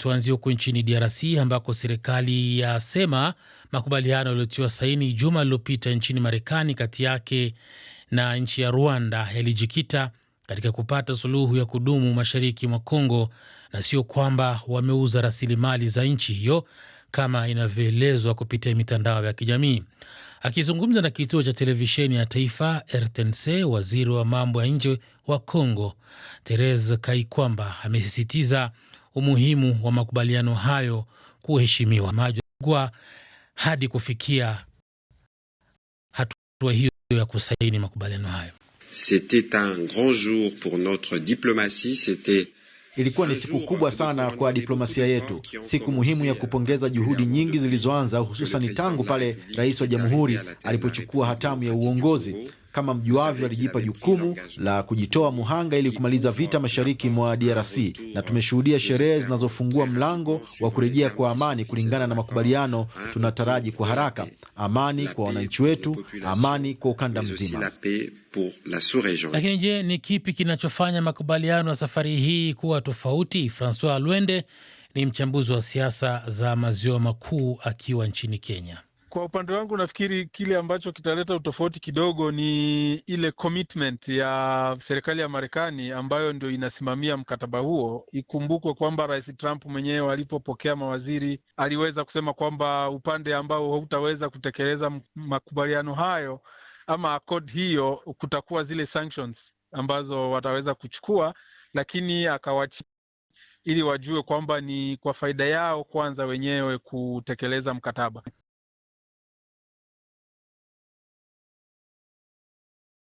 Tuanzie huko nchini DRC ambako serikali yasema makubaliano yaliyotiwa saini juma lililopita nchini Marekani kati yake na nchi ya Rwanda yalijikita katika kupata suluhu ya kudumu mashariki mwa congo na sio kwamba wameuza rasilimali za nchi hiyo kama inavyoelezwa kupitia mitandao ya kijamii. Akizungumza na kituo cha televisheni ya taifa RTNC, waziri wa mambo ya nje wa congo Therese Kaikwamba amesisitiza umuhimu wa makubaliano hayo kuheshimiwa majwa hadi kufikia hatua hiyo ya kusaini makubaliano hayo. C'était un grand jour pour notre diplomatie, c'était Ilikuwa ni siku kubwa sana kwa diplomasia yetu, siku muhimu ya kupongeza juhudi nyingi zilizoanza, hususan tangu pale rais wa jamhuri alipochukua hatamu ya uongozi kama mjuavyo, alijipa jukumu la kujitoa muhanga ili kumaliza vita mashariki mwa DRC na tumeshuhudia sherehe zinazofungua mlango wa kurejea kwa amani kulingana na makubaliano tunataraji kwa haraka. Amani kwa wananchi wetu, amani kwa ukanda mzima. Lakini je, ni kipi kinachofanya makubaliano ya safari hii kuwa tofauti? Francois Alwende ni mchambuzi wa siasa za maziwa makuu akiwa nchini Kenya. Kwa upande wangu nafikiri kile ambacho kitaleta utofauti kidogo ni ile commitment ya serikali ya Marekani ambayo ndio inasimamia mkataba huo. Ikumbukwe kwamba Rais Trump mwenyewe alipopokea mawaziri aliweza kusema kwamba upande ambao hautaweza kutekeleza makubaliano hayo ama accord hiyo, kutakuwa zile sanctions ambazo wataweza kuchukua, lakini akawachi ili wajue kwamba ni kwa faida yao kwanza wenyewe kutekeleza mkataba.